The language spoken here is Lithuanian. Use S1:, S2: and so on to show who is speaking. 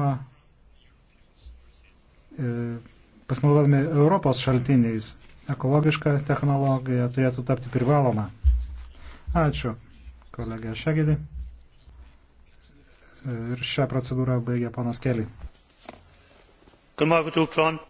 S1: Žinoma, e, pasinaudodami Europos šaltiniais, ekologiška technologija turėtų tapti privaloma. Ačiū, kolegė Šegedį. E, ir šią procedūrą baigė panas Kelly.
S2: Good morning,